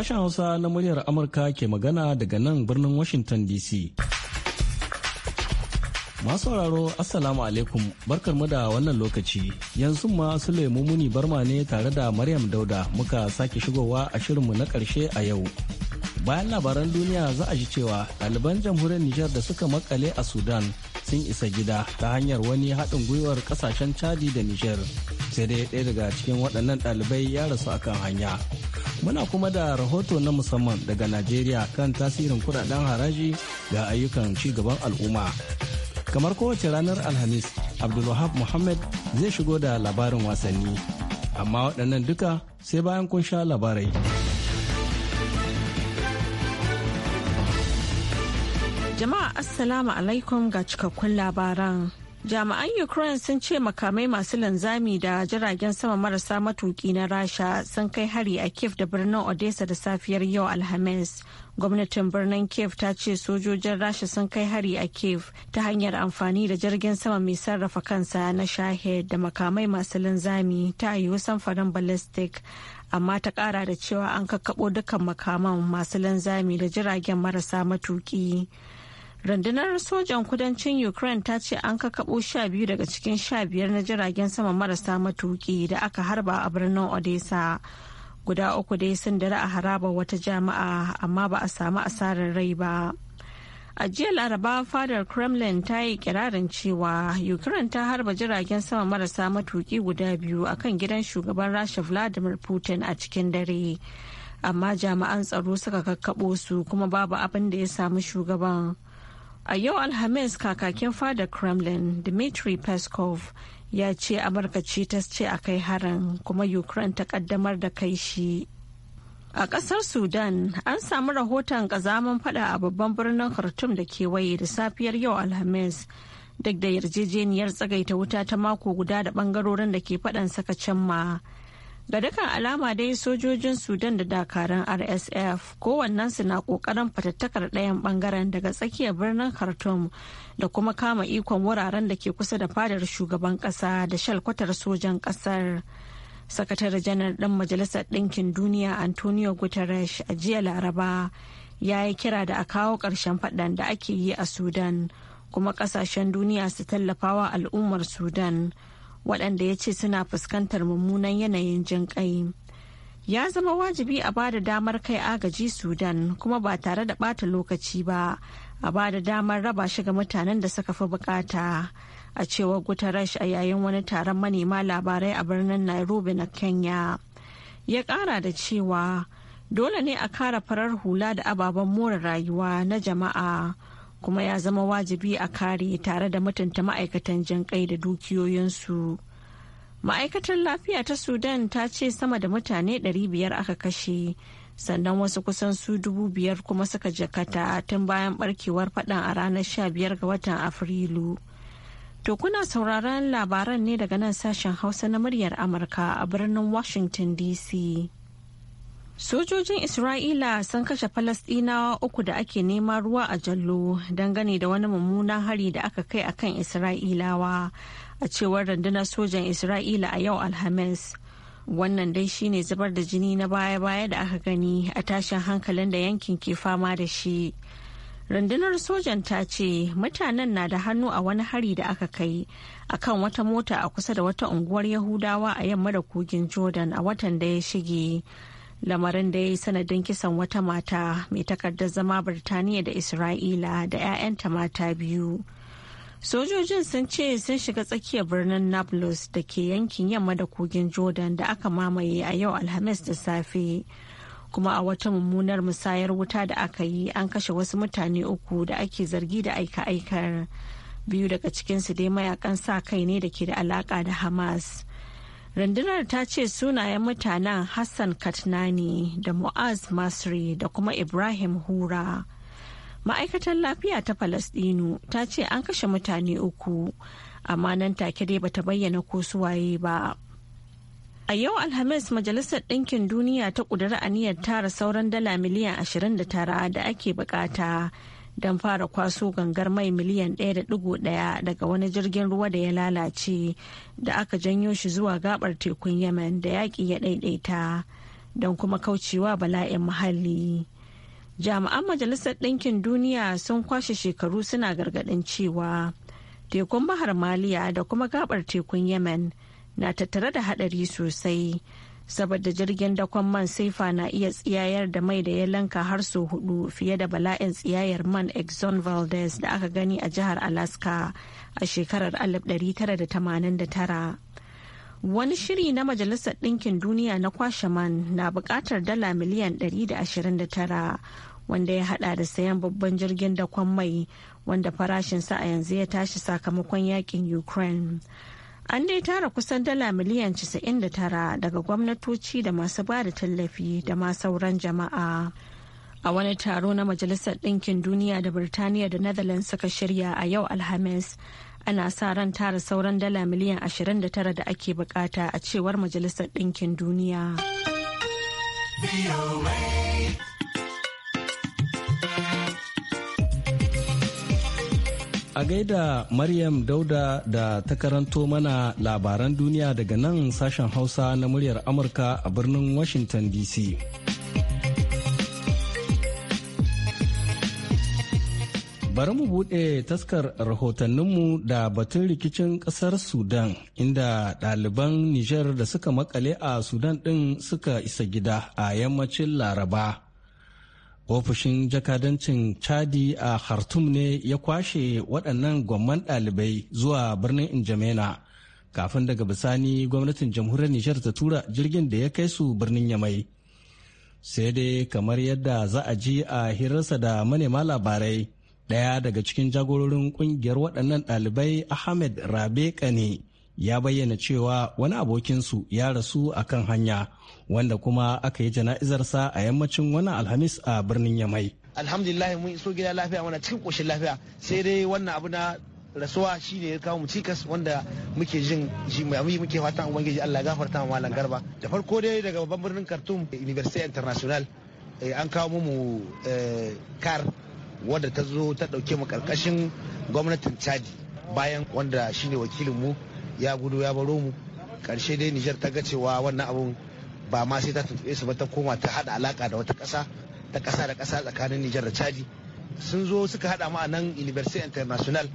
Sashen Hausa na muryar Amurka ke magana daga nan birnin Washington DC. Masu sauraro Assalamu alaikum barkarmu da wannan lokaci yanzu ma Sule Mumuni Barma ne tare da Maryam Dauda muka sake shigowa a shirinmu na ƙarshe a yau. bayan labaran duniya za a ji cewa ɗaliban jamhuriyar nijar da suka makale a sudan sun isa gida ta hanyar wani haɗin gwiwar ƙasashen chadi da nijar sai dai ɗaya daga cikin waɗannan ɗalibai ya rasu a kan hanya muna kuma da rahoto na musamman daga najeriya kan tasirin kudaden haraji ga ayyukan ci gaban al'umma kamar kowace ranar alhamis abdulwahab muhammad zai shigo da labarin wasanni amma waɗannan duka sai bayan kun sha labarai Jama'a Assalamu alaikum ga cikakkun labaran. Jami'an Ukraine sun ce makamai masu linzami da jiragen sama marasa matuki na Rasha sun kai hari a Kiev da birnin Odessa da safiyar yau Alhamis. Gwamnatin birnin Kiev ta ce sojojin Rasha sun kai hari a Kiev ta hanyar amfani da jirgin sama mai sarrafa kansa na shahe da makamai masu linzami ta yiwu samfarin ballistic. Amma ta kara da cewa an kakkaɓo dukkan makaman masu linzami da jiragen marasa matuki. rundunar sojan kudancin ukraine ta ce an kakabo sha biyu daga cikin sha biyar na jiragen sama marasa matuki da aka harba a birnin odessa guda uku dai sun dare a haraba wata jama'a amma ba a samu asarar rai ba a jiya laraba fadar kremlin ta yi kirarin cewa ukraine ta harba jiragen sama marasa matuki guda biyu a kan gidan shugaban rasha vladimir putin a cikin dare amma jami'an tsaro suka kakkaɓo su kuma babu abin da ya samu shugaban A yau Alhamis kakakin fada Kremlin Dmitry Peskov ya ce Amurka ce ta ce a kai harin kuma Ukraine ta kaddamar da kai shi. A kasar Sudan an samu rahoton kazaman fada a babban birnin Khartoum da ke waye da safiyar yau Alhamis duk da yarjejeniyar tsagaita wuta ta mako guda da bangarorin da ke fadan saka cimma. ga dukkan alama dai sojojin sudan da dakaran rsf kowannensu na kokarin fatattakar ɗayan bangaren daga tsakiyar birnin khartoum da kuma kama ikon wuraren da ke kusa da fadar shugaban ƙasa da shalkwatar sojan ƙasar sakatare janar ɗin majalisar ɗinkin duniya antonio guterres a jiya laraba ya yi kira da a kawo ƙarshen faɗan da ake yi a sudan kuma ƙasashen duniya su tallafawa al'ummar sudan waɗanda ya ce suna fuskantar mummunan yanayin jin ƙai. Ya zama wajibi a ba da damar kai agaji Sudan kuma ba tare da ɓata lokaci ba, a ba da damar raba shi ga mutanen da suka fi bukata. A cewar Guterres a yayin wani taron manema labarai a birnin Nairobi na Kenya. Ya ƙara da cewa dole ne a kara farar hula da ababen more rayuwa na jama'a. kuma ya zama wajibi a kare tare da mutunta ma'aikatan jan kai da dukiyoyinsu. Ma'aikatar lafiya ta Sudan ta ce sama da mutane 500 aka kashe, sannan wasu kusan su dubu biyar kuma suka jakata tun bayan barkewar fadan a ranar 15 ga watan Afrilu. To kuna sauraron labaran ne daga nan sashen Hausa na muryar Amurka a birnin Washington DC. Sojojin Isra'ila sun kashe Falasɗinawa uku da ake neman ruwa a Jallo dangane da wani mummunan hari da aka kai a kan Isra'ilawa a cewar rundunar sojan Isra'ila a yau Alhamis. Wannan dai shine zubar da jini na baya-baya da aka gani a tashin hankalin da yankin ke fama da shi. Rundunar sojan ta ce mutanen na da hannu a wani hari da aka kai a kan wata mota a kusa da wata unguwar Yahudawa a yamma da kogin Jordan a watan da ya shige. lamarin da ya yi sanadin kisan wata mata mai takardar zama birtaniya da isra'ila da 'ya'yanta mata biyu sojojin sun ce sun shiga tsakiyar birnin nablus da ke yankin yamma da kogin jordan da aka mamaye a yau alhamis da safe kuma a wata mummunar musayar wuta da aka yi an kashe wasu mutane uku da ake zargi da aika-aikar biyu daga cikinsu dai mayakan sa kai ne da ke da alaka da hamas rundunar ta ce sunayen mutanen hassan katnani da mu'az masri da kuma ibrahim hura ma'aikatar lafiya ta falasdinu ta ce an kashe mutane uku amma nan take dai bata bayyana ko suwaye ba a yau alhamis majalisar ɗinkin duniya ta ƙudura aniyar tara sauran dala miliyan 29 da ake bukata don fara kwaso gangar mai miliyan 1.1 daga wani jirgin ruwa da ya lalace da aka janyo shi zuwa gabar tekun yemen da yaƙi ya ɗaiɗaita don kuma kaucewa bala'in muhalli jami'an majalisar ɗinkin duniya sun kwashe shekaru suna gargaɗin cewa tekun bahar maliya da kuma gabar tekun yemen na tattare da haɗari sosai saboda jirgin dakon man saifa na iya tsiyayar da mai da ya lanka har sau hudu fiye da bala'in tsiyayar man exxon valdez da aka gani a jihar alaska a shekarar 1989 wani shiri na majalisar ɗinkin duniya na kwashe man na buƙatar dala miliyan 129 wanda ya hada da sayan babban jirgin dakon mai wanda farashinsa a yanzu ya tashi sakamakon yakin ukraine An dai tara kusan dala miliyan 99 daga gwamnatoci da masu ba da tallafi da ma sauran jama'a. A wani taro na Majalisar Ɗinkin Duniya da Birtaniya da Netherlands suka shirya a yau Alhamis, ana sa ran tara sauran dala miliyan 29 da ake bukata a cewar Majalisar Ɗinkin Duniya. A gaida Maryam Dauda da ta karanto mana labaran duniya daga nan sashen Hausa na muryar Amurka a birnin Washington DC. Bari mu buɗe taskar rahotanninmu da batun rikicin ƙasar Sudan inda ɗaliban Nijar da suka makale a Sudan ɗin suka isa gida a yammacin Laraba. ofishin jakadancin chadi a khartum ne ya kwashe waɗannan gwamman ɗalibai zuwa birnin injamena kafin daga bisani gwamnatin jamhuriyar nijar ta tura jirgin da ya kai su birnin yamai sai dai kamar yadda za a ji a hirarsa da manema labarai ɗaya daga cikin jagororin ƙungiyar waɗannan ɗalibai ahmed rabe kane ya bayyana cewa wani abokinsu ya rasu a kan hanya wanda kuma aka yi jana'izarsa a yammacin wani alhamis a birnin yamai alhamdulillah mun iso gida lafiya mana cikin koshin lafiya sai dai wannan abu na rasuwa shine ya kawo mu cikas wanda muke jin ji mai muke fatan ubangiji Allah gafarta mu malam garba da farko dai daga babban birnin Khartoum University International eh, an kawo mu kar eh, wadda ta zo ta dauke mu karkashin gwamnatin Chadi bayan wanda shine wakilin mu ya gudu ya baro mu karshe dai nijar ta ga cewa wannan abun ba ma sai ta tuntuɓe su ba ta koma ta hada alaka da wata ƙasa ta ƙasa da ƙasa tsakanin nijar da chadi sun zo suka haɗa mu a nan university international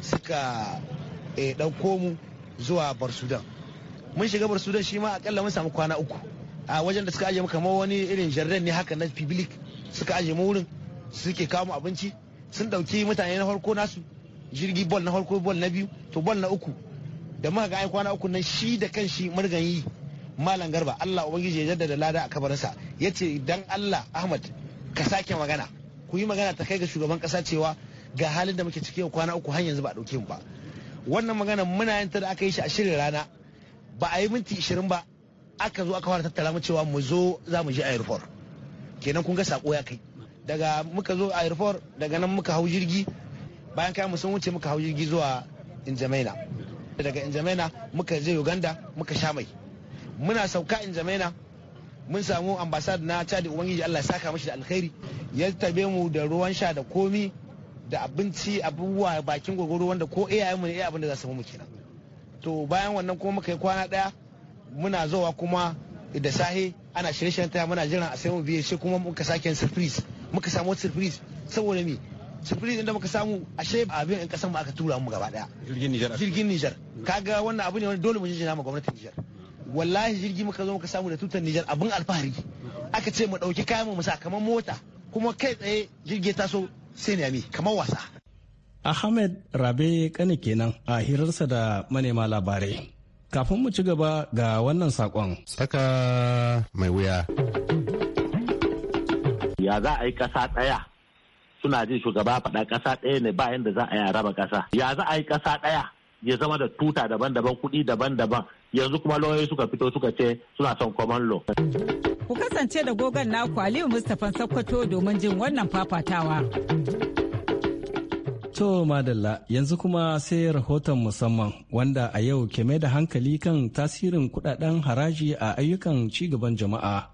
suka eh, ɗauko mu zuwa bar sudan mun shiga bar sudan shi ma akalla mun samu kwana uku a wajen da suka aje mu kamar wani irin jardin ne haka na public suka aje mu wurin suke kawo mu abinci sun ɗauki mutane na farko nasu jirgi bol na farko bol na biyu to bol na uku da muka ga ai kwana uku nan shi da kan shi murgayi malam garba Allah ubangiji ya jaddada lada a kabarinsa yace dan Allah Ahmad ka sake magana ku yi magana ta kai ga shugaban kasa cewa ga halin da muke ciki yau kwana uku har yanzu ba dauke mu ba wannan magana muna yin ta da aka yi shi a shirin rana ba a yi minti 20 ba aka zo aka fara tattara mu cewa mu zo za mu je airport kenan kun ga sako ya kai daga muka zo airport daga nan muka hau jirgi bayan kai mu sun wuce muka hau jirgi zuwa in jamaina. daga injamena muka je uganda muka sha mai muna sauka injamena mun samu ambasad na chadi ubangiji allah ya saka mashi da alkhairi ya tabe mu da ruwan sha da komi da abinci abubuwa bakin gogoro wanda ko iyayenmu ne iya abin da za su mu kenan to bayan wannan kuma muka yi kwana daya muna zuwa kuma da sahe ana shirye-shiryen ta muna jiran a sai mu biye shi kuma muka sake surprise muka samu surprise saboda me surprise inda muka samu ashe abin in kasan mu aka tura mu gaba daya jirgin Nijar jirgin Nijar hmm. kaga wannan abu ne wani dole mu jinjina mu gwamnatin Nijar hmm. wallahi jirgi muka zo muka samu da tutar Nijar abin alfahari hmm. aka ce mu dauki kayan mu sa kamar mota kuma kai tsaye jirgi ta so sai ne kamar wasa Ahmed Rabe Kane kenan a hirarsa da manema labarai kafin mu ci gaba ga wannan sakon Saka mai wuya ya za a yi kasa tsaya suna jin shugaba faɗa ƙasa ɗaya ne ba yadda za a yi raba ƙasa ya za a yi ƙasa ɗaya ya zama da tuta daban-daban kuɗi daban-daban yanzu kuma lauyoyi suka fito suka ce suna son common law. Ku kasance da gogon naku Aliyu Mustapha Sakkwato domin jin wannan fafatawa. To Madalla yanzu kuma sai rahoton musamman wanda a yau ke mai da hankali kan tasirin kudaden haraji a ayyukan cigaban jama'a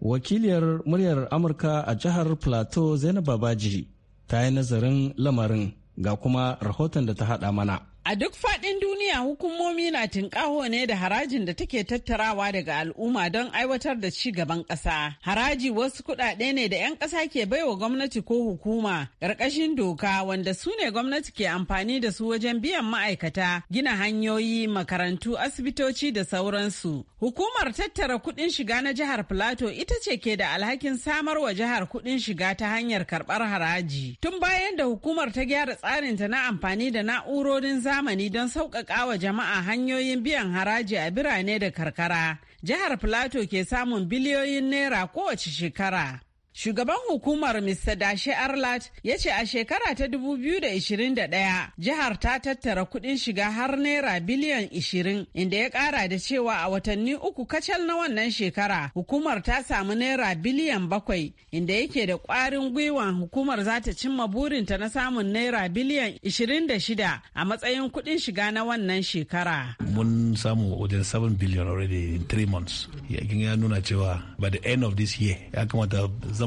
wakiliyar muryar amurka a jihar plateau zainab babaji ta yi nazarin lamarin ga kuma rahoton da ta haɗa mana A duk faɗin duniya hukumomi na tinƙaho ne da harajin da take tattarawa daga al'umma don aiwatar da ci gaban ƙasa. Haraji wasu kuɗaɗe ne da 'yan ƙasa ke baiwa gwamnati ko hukuma ƙarƙashin doka wanda su ne gwamnati ke amfani da su wajen biyan ma'aikata, gina hanyoyi, makarantu, asibitoci da sauransu. Hukumar tattara kuɗin shiga na jihar Filato ita ce ke da alhakin samar wa jihar kuɗin shiga ta hanyar karɓar haraji. Tun bayan da hukumar ta gyara tsarinta na amfani da na'urorin zamani zamani don sauƙaƙa wa jama'a hanyoyin biyan haraji a birane da karkara. Jihar Filato ke samun biliyoyin naira kowace shekara. Shugaban hukumar Mr. Dashe Arlat ya ce a shekara ta 2021 jihar ta tattara kuɗin shiga har naira biliyan 20 inda ya ƙara da cewa a watanni uku kacal na wannan shekara hukumar ta samu naira biliyan 7 inda yake da ƙwarin gwiwan hukumar za ta cimma burinta na samun naira biliyan 26 a matsayin kuɗin shiga na wannan shekara. Mun samu wajen 7 billion already in 3 months. Ya nuna cewa by the end of this year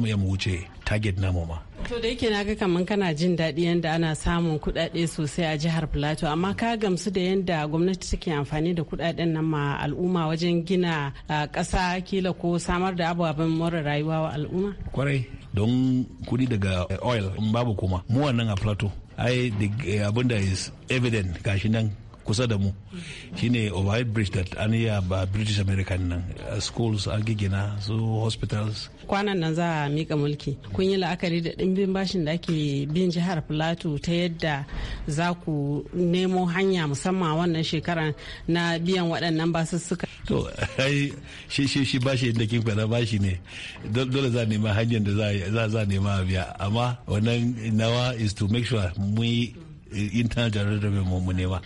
mu ya wuce target namu ma to da yake naga kaman kana jin daɗi yadda ana samun kuɗaɗe sosai a jihar plateau amma ka gamsu da yadda gwamnati take amfani da kuɗaɗen nan ma al'umma wajen gina ƙasa kila ko samar da ababen more rayuwa wa al'umma kwarai don kuɗi daga eh, oil babu kuma mu wannan a plateau ai eh, abin da is evident gashi nan kusa da mu shine overhead bridge that an yi ba british american nan uh, schools an gigina su hospitals kwanan nan za a mika mulki kun yi la'akari da ɗimbin bashin da ake bin jihar plateau ta yadda za ku nemo hanya musamman wannan shekaran na biyan waɗannan basussuka to ai shi shi shi bashi da kin bashi ne dole za nema hanyar da za nema biya amma wannan nawa is to make sure mu yi internal jarar da mu nema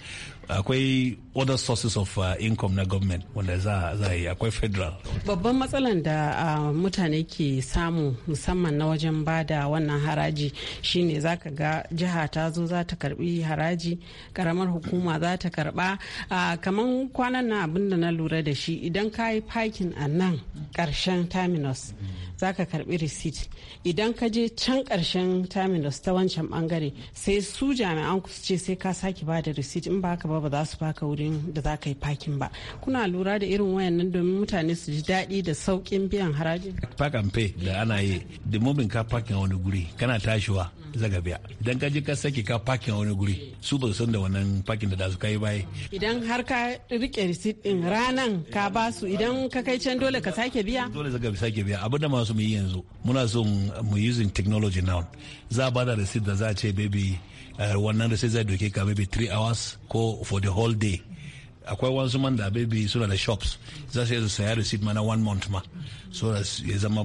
啊，归。other sources of uh, income na government wanda za a yi akwai federal babban matsalan da uh, mutane ke samu musamman na wajen bada wannan haraji shine za ka ga jiha ta zo za ta karbi haraji karamar hukuma za ta karba uh, kamar kwanan na abin da na lura da shi idan ka yi parking a nan karshen terminus za ka karbi receipt idan ka je can karshen terminus ta wancan bangare sai su jami'an ku ce sai ka sake ba da receipt in ba ka ba ba za su baka wuri wajen da za ka yi fakin ba kuna lura da irin wayannan domin mutane su ji daɗi da sauƙin biyan haraji park and pay da ana yi da mobin ka parking a wani guri kana tashiwa zaga biya idan ka je ka sake ka parking a wani guri su ba san da wannan parking da da su kai baya idan har ka rike receipt din ranan ka ba su idan ka kai can dole ka sake biya dole zaga sake biya abin da masu mu yi yanzu muna so mu using technology now za ba da receipt da za a ce baby eh, wannan sai zai doke ka maybe 3 hours ko for the whole day akwai wasu man da baby suna da shops za su su saya receipt mana one month ma so ya zama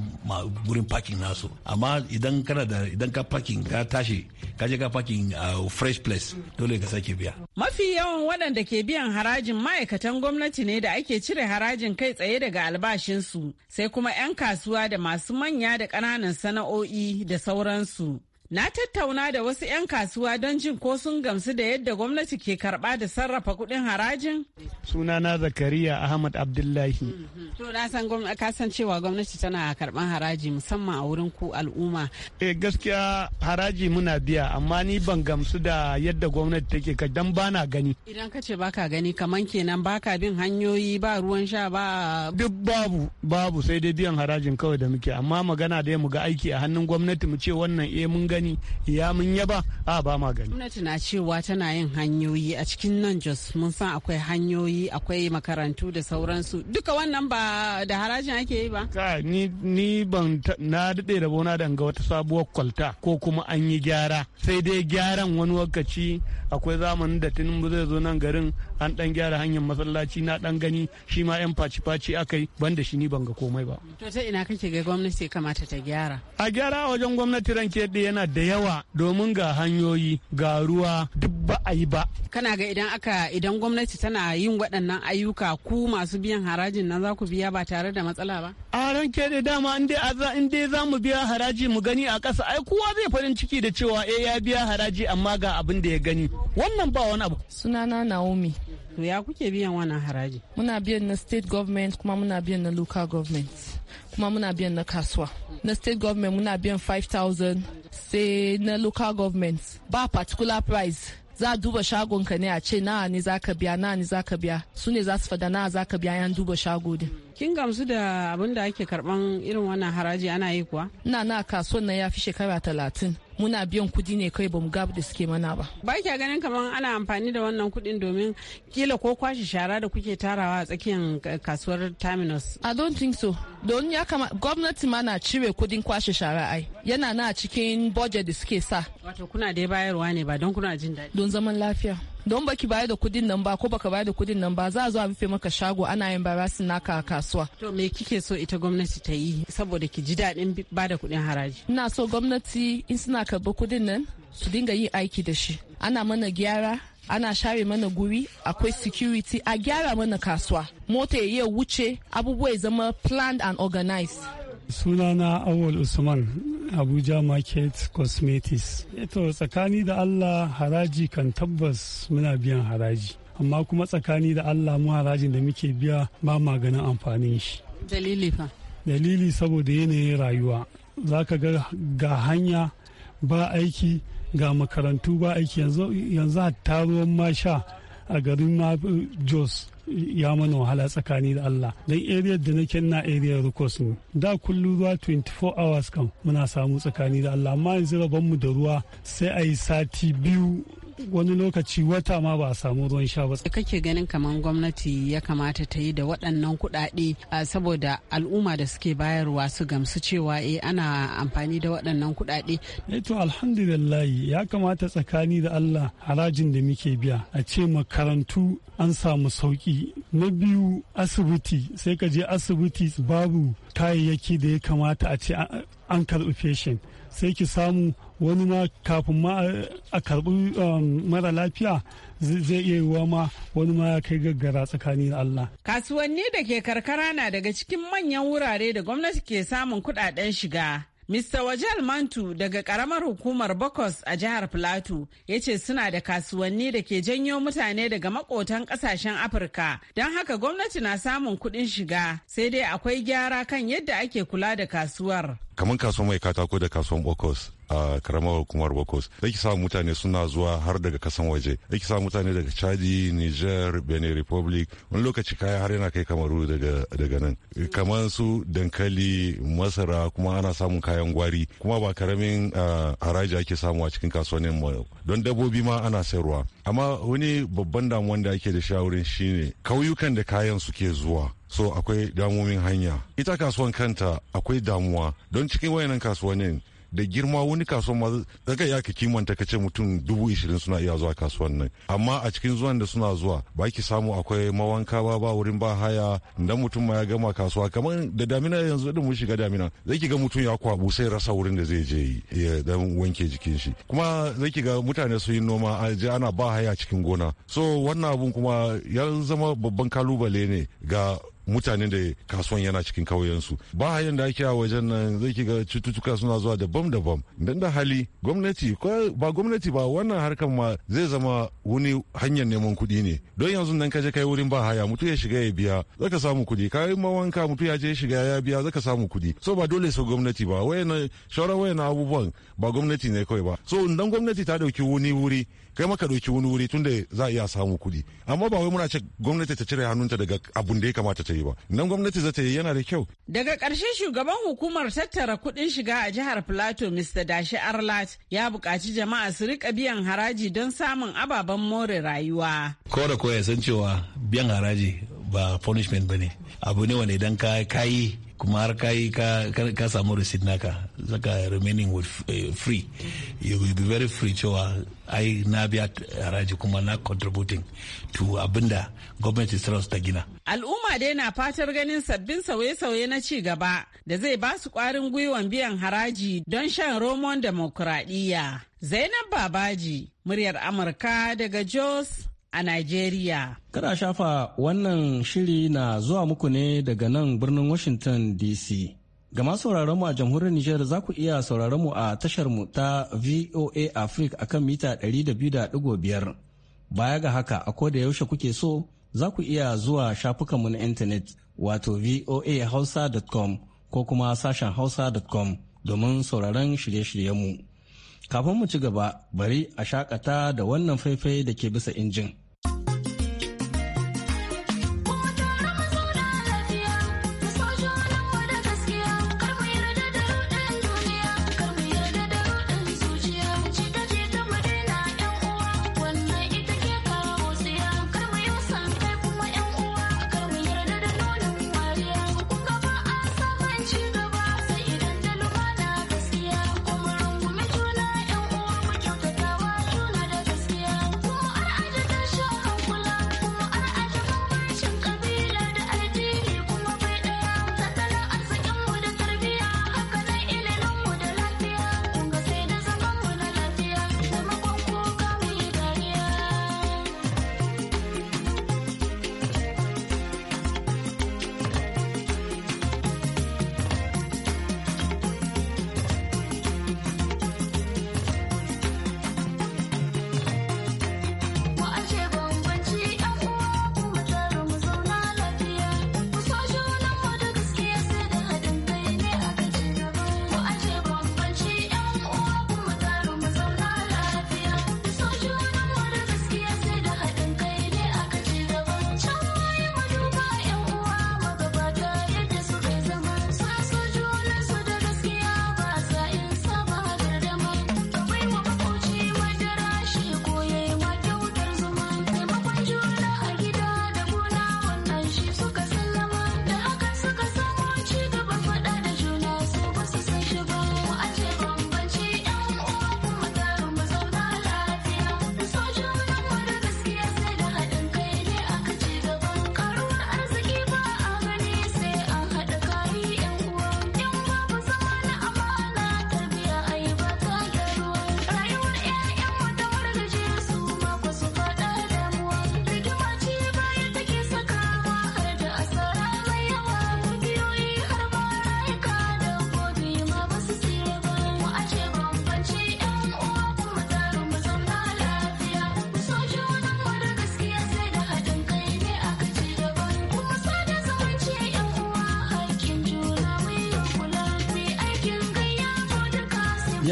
gurin parking nasu amma idan kana da idan ka parking ka tashi ka je ka parking a fresh place dole ka sake biya mafi yawan waɗanda ke biyan harajin ma'aikatan gwamnati ne da ake cire harajin kai tsaye daga albashinsu sai kuma 'yan kasuwa da masu manya da ƙananan sana'o'i da sauransu Na tattauna da wasu 'yan kasuwa don jin ko sun gamsu da yadda gwamnati ke karba da sarrafa kuɗin harajin? Sunana Zakariya Ahmad Abdullahi. Mm-hmm. To na san ka cewa gwamnati tana karban haraji musamman a wurin ku al'umma. Eh gaskiya haraji muna biya amma ni ban gamsu da yadda gwamnati take ka dan bana gani. Idan ka ce baka gani kaman kenan baka bin hanyoyi ba ruwan sha ba. Duk babu babu sai dai biyan harajin kawai da muke amma magana dai mu ga aiki a hannun gwamnati mu ce wannan eh mun gani gani ya mun yaba a ba ma gani gwamnati na cewa tana yin hanyoyi a cikin nan jos mun san akwai hanyoyi akwai makarantu da sauransu duka wannan ba da harajin ake yi ba ni ni ban na daɗe da bona danga wata sabuwar kwalta ko kuma an yi gyara sai dai gyaran wani lokaci akwai zamanin da tinubu zai zo nan garin an dan gyara hanyar masallaci na dan gani shi ma yan faci faci akai banda shi ni ban ga komai ba to ta ina kake ga gwamnati kamata ta gyara a gyara wajen gwamnati ranke yana yana da yawa domin ga hanyoyi ga ruwa duk ba a yi ba kana ga idan aka idan gwamnati tana yin waɗannan ayyuka ku masu biyan harajin nan za ku biya ba tare da matsala ba a ke da dama in dai za mu biya haraji mu gani a ƙasa ai kowa zai farin ciki da cewa eh ya biya haraji amma ga abin da ya gani wannan ba wani abu sunana naomi to ya kuke biyan wannan haraji muna biyan na state government kuma muna biyan na local government kuma muna biyan na kasuwa na state government muna biyan 5000 sai na local government ba particular price za a duba shagonka ne a ce na ne za ka biya na ne za ka biya su ne za su fada na za ka biya yan duba shago din. kin gamsu da abin da ake karban irin wannan haraji ana yi kuwa? na na kasuwan na ya fi shekara talatin muna biyan kudi ne kai bamu ga da suke mana ba ba kya ganin kamar ana amfani da wannan kudin domin kila ko kwashe shara da kuke tarawa a tsakiyar kasuwar terminus i don't think so don ya kama gwamnati ma na cire kudin kwashe shara ai yana na cikin budget da suke sa wato kuna dai bayarwa ne ba don kuna jin daɗi don zaman lafiya don baki bayar da kudin nan ba ko baka bayar da kudin nan ba za a zo a rufe maka shago ana yin barasin naka a kasuwa to me kike so ita gwamnati ta yi saboda ki ji daɗin ba da kudin haraji ina so gwamnati in suna karɓar kudin nan su dinga yin aiki da shi ana mana gyara ana share mana guri akwai security a gyara mana kasuwa mota ya wuce abubuwa ya zama planned and organized sunana awol usman abuja market cosmetics eto eh tsakani da allah haraji kan tabbas muna biyan haraji amma kuma tsakani da allah mu harajin da muke biya ba maganin amfanin shi dalili fa dalili saboda yanayin rayuwa za ka ga ga hanya ba aiki ga makarantu ba aiki yanzu hatta ruwan ma a garin ma jos ya mana wahala tsakani da Allah don area da nake na area rukos ne da kullu ruwa 24 hours kan muna samu tsakani da Allah amma yanzu rabon mu da ruwa sai a yi sati biyu wani lokaci wata ma ba a samu ruwan sha ba. Kake ganin kamar gwamnati ya kamata ta yi da waɗannan kuɗaɗe saboda al'umma da suke bayarwa su gamsu cewa eh ana amfani da waɗannan kuɗaɗe. Eh, to alhamdulillah ya kamata tsakani da Allah harajin da muke biya a ce makarantu an samu sauki na biyu asibiti sai ka je asibiti babu kayayyaki da ya kamata a ce an karɓi feshin sai ki samu wani ma kafin ma eh, a karɓi um, mara lafiya zai iya yiwuwa ma wani ma ya kai gaggara tsakanin Allah. Kasuwanni da ke karkara na daga cikin manyan wurare da gwamnati ke samun kudaden shiga. Mr. Wajal Mantu daga ƙaramar hukumar Bokos a jihar Filato ya ce suna da kasuwanni da ke janyo mutane daga makotan ƙasashen Afirka don haka gwamnati na samun kuɗin shiga sai dai akwai gyara kan yadda ake kula da kasuwar. Kamar kasuwar mai katako da kasuwar Bokos a karamar hukumar Bokos. Ake samun mutane suna zuwa har daga kasan waje. Ake samun mutane daga Chadi, Niger, Benin Republic, wani lokaci kaya har yana kai kamaru daga daga nan. Kamar su dankali, masara kuma ana samun kayan gwari kuma ba karamin haraji ake samu a cikin kasuwannin mu. Don dabbobi ma ana sayarwa. Amma wani babban damuwan da ake da shi a wurin shine kauyukan da kayan suke zuwa. so akwai damomin hanya ita kasuwan kanta akwai damuwa don cikin wayannan kasuwannin da girma wani kasuwan ma daga ya ka kimanta ka ce mutum dubu ishirin suna iya zuwa kasuwan nan amma a cikin zuwan da suna zuwa ba ki samu akwai mawanka ba ba wurin ba haya da mutum ma ya gama kasuwa kamar da damina yanzu din mun shiga damina zai ki ga mutum ya kwabu sai rasa wurin da zai je ya dan wanke jikin shi kuma zai ki ga mutane su yi noma a je ana ba haya cikin gona so wannan abun kuma ya zama babban kalubale ne ga mutane da kasuwan yana cikin kauyensu ba hayan da ake a wajen nan zai ga cututtuka suna zuwa daban-daban don da hali gwamnati ba gwamnati ba wannan harkar ma zai zama wani hanyar neman kuɗi ne don yanzu nan kaje kai wurin ba haya mutu ya shiga ya biya zaka samu kuɗi yi mawanka mutu ya je shiga ya biya zaka samu kuɗi so ba dole so gwamnati ba wayannan shauran wayannan abubuwan ba gwamnati ne kawai ba so dan gwamnati ta dauki wani wuri kai maka dauki wani wuri tunda za a iya samu kuɗi amma ba wai muna ce gwamnati ta cire hannunta daga abun da ya kamata ta yi ba nan gwamnati za ta yi yana da kyau daga ƙarshe shugaban hukumar tattara kuɗin shiga a jihar plateau mr dashi arlat ya bukaci jama'a su rika biyan haraji don samun ababen more rayuwa ko da ko ya san cewa biyan haraji ba punishment ba ne abu ne wanda idan ka kayi kuma har ka yi ka samu receipt naka zaka remaining with eh, free you will be very free cewa ai na biya haraji kuma na contributing to abinda gwamnati trust ta gina al'umma dai na fatar ganin sabbin sauye-sauye na ci gaba da zai ba su kwarin gwiwan biyan haraji don shan romon demokuraɗiyya zainab babaji muryar amurka daga jos a Najeriya. Kada shafa wannan shiri na zuwa muku ne daga nan birnin Washington DC. Gama sauraron mu a jamhuriyar Nijar za ku iya sauraron mu a tashar mu ta VOA Africa akan mita 200.5. Baya ga haka a da yaushe kuke so za ku iya zuwa shafukanmu na intanet wato voahausa.com ko kuma sashen hausa.com domin sauraron shirye-shiryenmu. Kafin mu ci gaba bari a shakata da wannan faifai da ke bisa injin.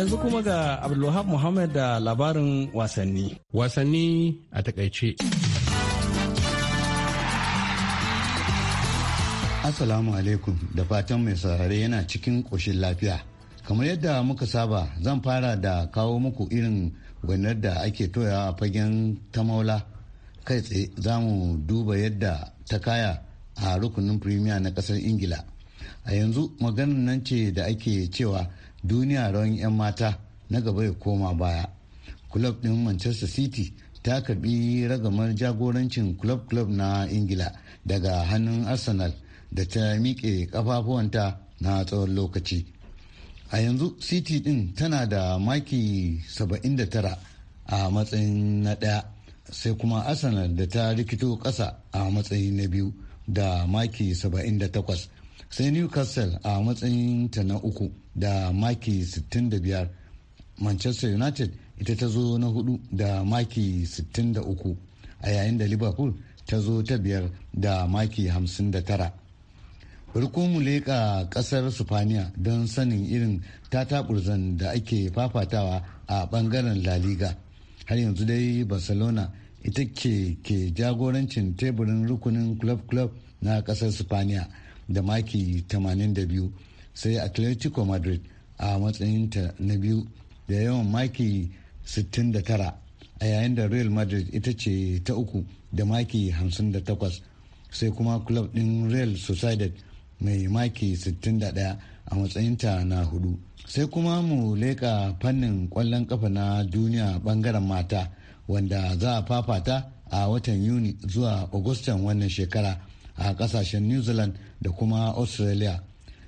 Yanzu kuma ga Abdulwahab Muhammad da labarin wasanni. Wasanni a takaice. Assalamu alaikum da fatan mai saurare yana cikin ƙoshin lafiya. Kamar yadda muka saba zan fara da kawo muku irin gwanar da ake toya fagen ta maula. Kai tsaye za mu duba yadda ta kaya a rukunin Premier na ƙasar Ingila. A yanzu maganin nan ce da ake cewa duniya rawan 'yan mata na gaba ya koma baya club din manchester city ta karbi ragamar jagorancin club club na ingila daga hannun arsenal da ta miƙe kafafuwanta na tsawon lokaci a yanzu city din tana da maki 79 a matsayin na ɗaya sai kuma arsenal da ta rikito ƙasa a matsayin na biyu da maki 78 sai newcastle a matsayin ta na uku da maki 65 manchester united ita ta zo na hudu da maki 63 a yayin da liverpool ta zo ta biyar da maki 59 mu leƙa ƙasar sufaniya don sanin irin tataɓurzan da ake fafatawa a ɓangaren laliga har yanzu dai barcelona ita ke ke jagorancin teburin rukunin club club na ƙasar sufaniya da maki 82 sai atletico madrid a matsayinta na biyu da yawan maki 69 a yayin da real madrid ita ce ta uku da maki 58 sai kuma club din real sociedad mai maki 61 a matsayinta na hudu sai kuma mu leka fannin kwallon kafa na duniya bangaren mata wanda za a fafata a watan yuni zuwa agustan wannan shekara a kasashen new zealand da kuma australia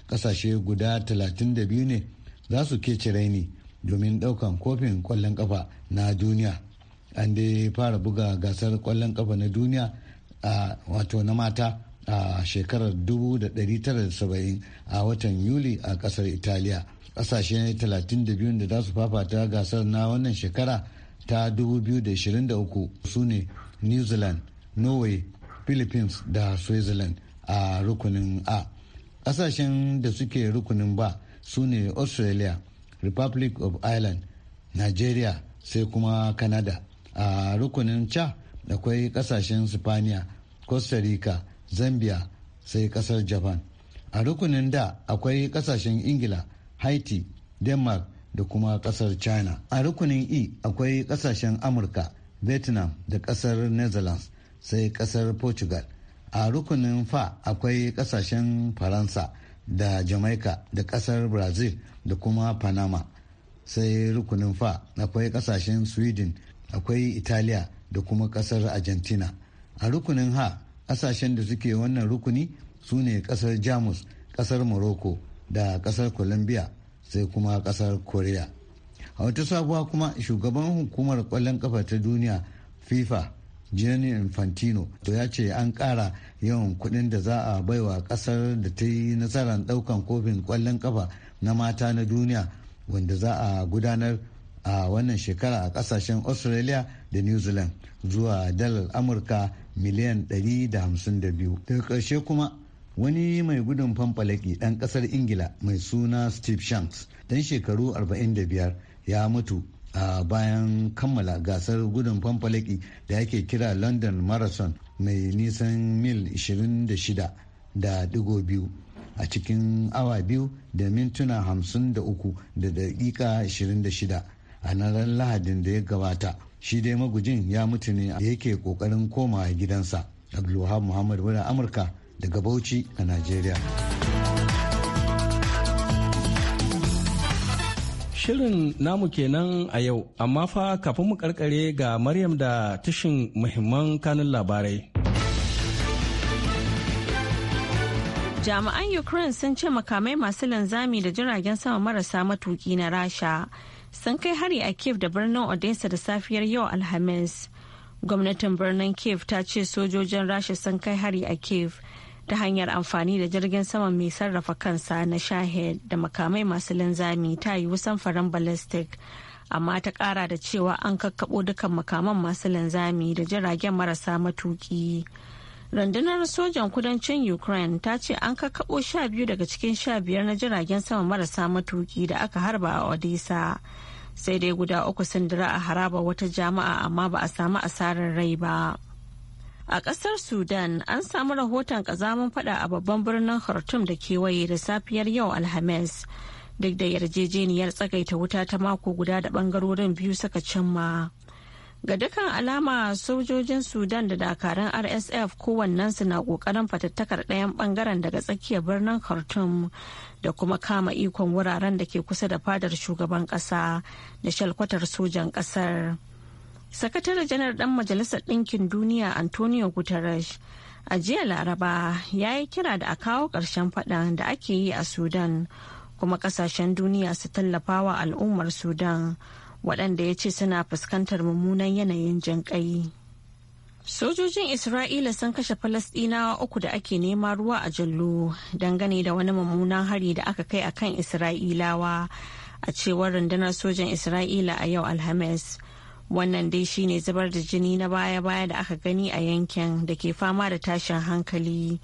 kasashe guda 32 ne za su cire raini domin daukan kofin kwallon kafa na duniya an dai fara buga gasar kwallon kafa na duniya a wato na mata a shekarar 1970 a watan yuli a kasar italiya kasashe 32 da za su fafata gasar na wannan shekara ta 2023 su ne new zealand norway philippines da switzerland a rukunin a ƙasashen da suke rukunin ba su ne australia republic of ireland nigeria sai kuma canada a rukunin ca akwai ƙasashen spaniya costa rica zambia sai ƙasar japan a rukunin da akwai ƙasashen ingila haiti denmark da kuma ƙasar china a rukunin e akwai ƙasashen amurka vietnam da ƙasar netherlands sai kasar portugal a rukunin fa akwai kasashen faransa da jamaica da kasar brazil da kuma panama sai rukunin fa akwai kasashen sweden akwai italiya da kuma kasar argentina a rukunin ha kasashen da suke wannan rukuni su ne kasar jamus kasar morocco da kasar colombia sai kuma kasar korea a wata sabuwa kuma shugaban hukumar kwallon kafa ta duniya fifa Gianni Infantino to ya ce an ƙara yawan kuɗin da za a baiwa ƙasar da ta yi nasarar ɗaukan kofin ƙwallon ƙafa na mata na duniya wanda za a gudanar a wannan shekara a ƙasashen Australia da New Zealand zuwa dalar Amurka miliyan 152. Daga ƙarshe kuma wani mai gudun fanfalaki ɗan ƙasar Ingila mai suna Steve Shanks ɗan shekaru 45 ya mutu a bayan kammala gasar gudun fanfalaki da yake kira london marathon mai nisan mil 26 da digo biyu a cikin awa biyu da mintuna 53 da daƙiƙa 26 a nan lahadin da ya gabata shi dai magujin ya mutu ne da yake kokarin komawa gidansa abdulwahab muhammad wani amurka daga bauchi a najeriya Shirin namu kenan a yau, amma fa kafin mu karkare ga Maryam da tashin muhimman kanun labarai. Jami'an Ukraine sun ce makamai masu linzami da jiragen sama marasa matuki na Rasha sun kai hari a Kiev da birnin Odessa da safiyar yau Alhamis. Gwamnatin birnin Kiev ta ce sojojin Rasha sun kai hari a Kiev. ta hanyar amfani da jirgin sama mai sarrafa kansa na shahid da makamai masu linzami ta yiwu samfarin ballistic amma ta kara da cewa an kakkabo dukan makaman masu linzami da jiragen marasa matuki rundunar sojan kudancin ukraine ta ce an kakkabo sha biyu daga cikin sha biyar na jiragen sama marasa matuki da aka harba a odisa sai dai guda uku sun dira a haraba wata jama'a amma ba a samu asarar rai ba. A ƙasar Sudan an samu rahoton ƙazamin fada a babban birnin Khartoum da kewaye da safiyar yau Alhamis. Duk da yarjejeniyar tsagaita wuta ta mako guda da ɓangarorin biyu suka cimma. Ga dukkan alama sojojin Sudan da dakarun RSF kowannensu na ƙoƙarin fatattakar ɗayan ɓangaren daga tsakiyar birnin Khartoum da kuma kama ikon wuraren da ke kusa da fadar shugaban ƙasa da shalkwatar sojan ƙasar. sakatare janar dan majalisar ɗinkin duniya antonio guterres a jiya laraba ya yi kira da a kawo ƙarshen faɗan da ake yi a sudan kuma ƙasashen duniya su tallafa wa al'ummar sudan waɗanda ya ce suna fuskantar mummunan yanayin jinƙai. sojojin isra'ila sun kashe falasɗinawa uku da ake nema ruwa a jallo dangane da wani mummunan hari da aka kai akan isra'ilawa a cewar rundunar sojan isra'ila a yau alhamis wannan dai shine zubar da jini na baya-baya da aka gani a yankin da ke fama da tashin hankali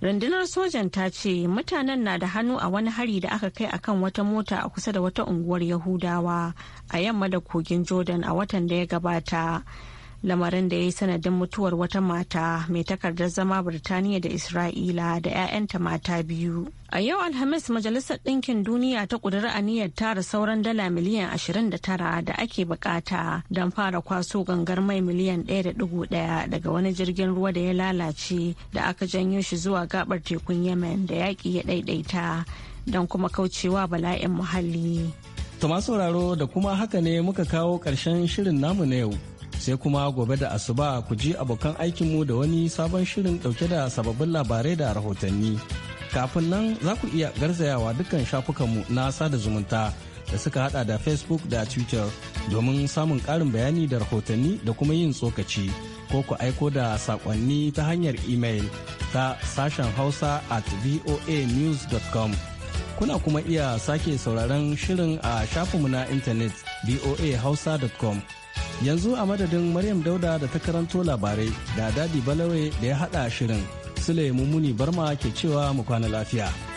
rundunar sojan ta ce mutanen na da hannu a wani hari da aka kai akan wata mota a kusa da wata unguwar yahudawa a yamma da kogin jordan a watan da ya gabata lamarin da ya yi sanadin mutuwar wata mata mai takardar zama birtaniya da isra'ila da 'ya'yanta mata biyu a yau alhamis majalisar ɗinkin duniya ta ƙudiri aniyar tara sauran dala miliyan 29 da ake bukata don fara kwaso gangar mai miliyan 1.1 daga wani jirgin ruwa da ya lalace da aka janyo shi zuwa gabar tekun yemen da yaƙi ya ɗaiɗaita don kuma kaucewa bala'in muhalli. Tuma sauraro da kuma haka ne muka kawo ƙarshen shirin namu na yau. sai kuma gobe da asuba ku ji abokan aikinmu da wani sabon shirin dauke da sababbin labarai da rahotanni kafin nan za ku iya garzayawa dukkan shafukanmu na sada zumunta da suka hada da facebook da twitter domin samun karin bayani da rahotanni da kuma yin tsokaci ko ku aiko da sakonni ta hanyar email ta sashen hausa at voanews.com kuna kuma iya sake sauraron shirin a shafinmu na intanet voahausa.com yanzu a madadin maryam dauda da ta karanto labarai da dadi balawai da ya hada shirin sule mummuni barma ke cewa mu kwana lafiya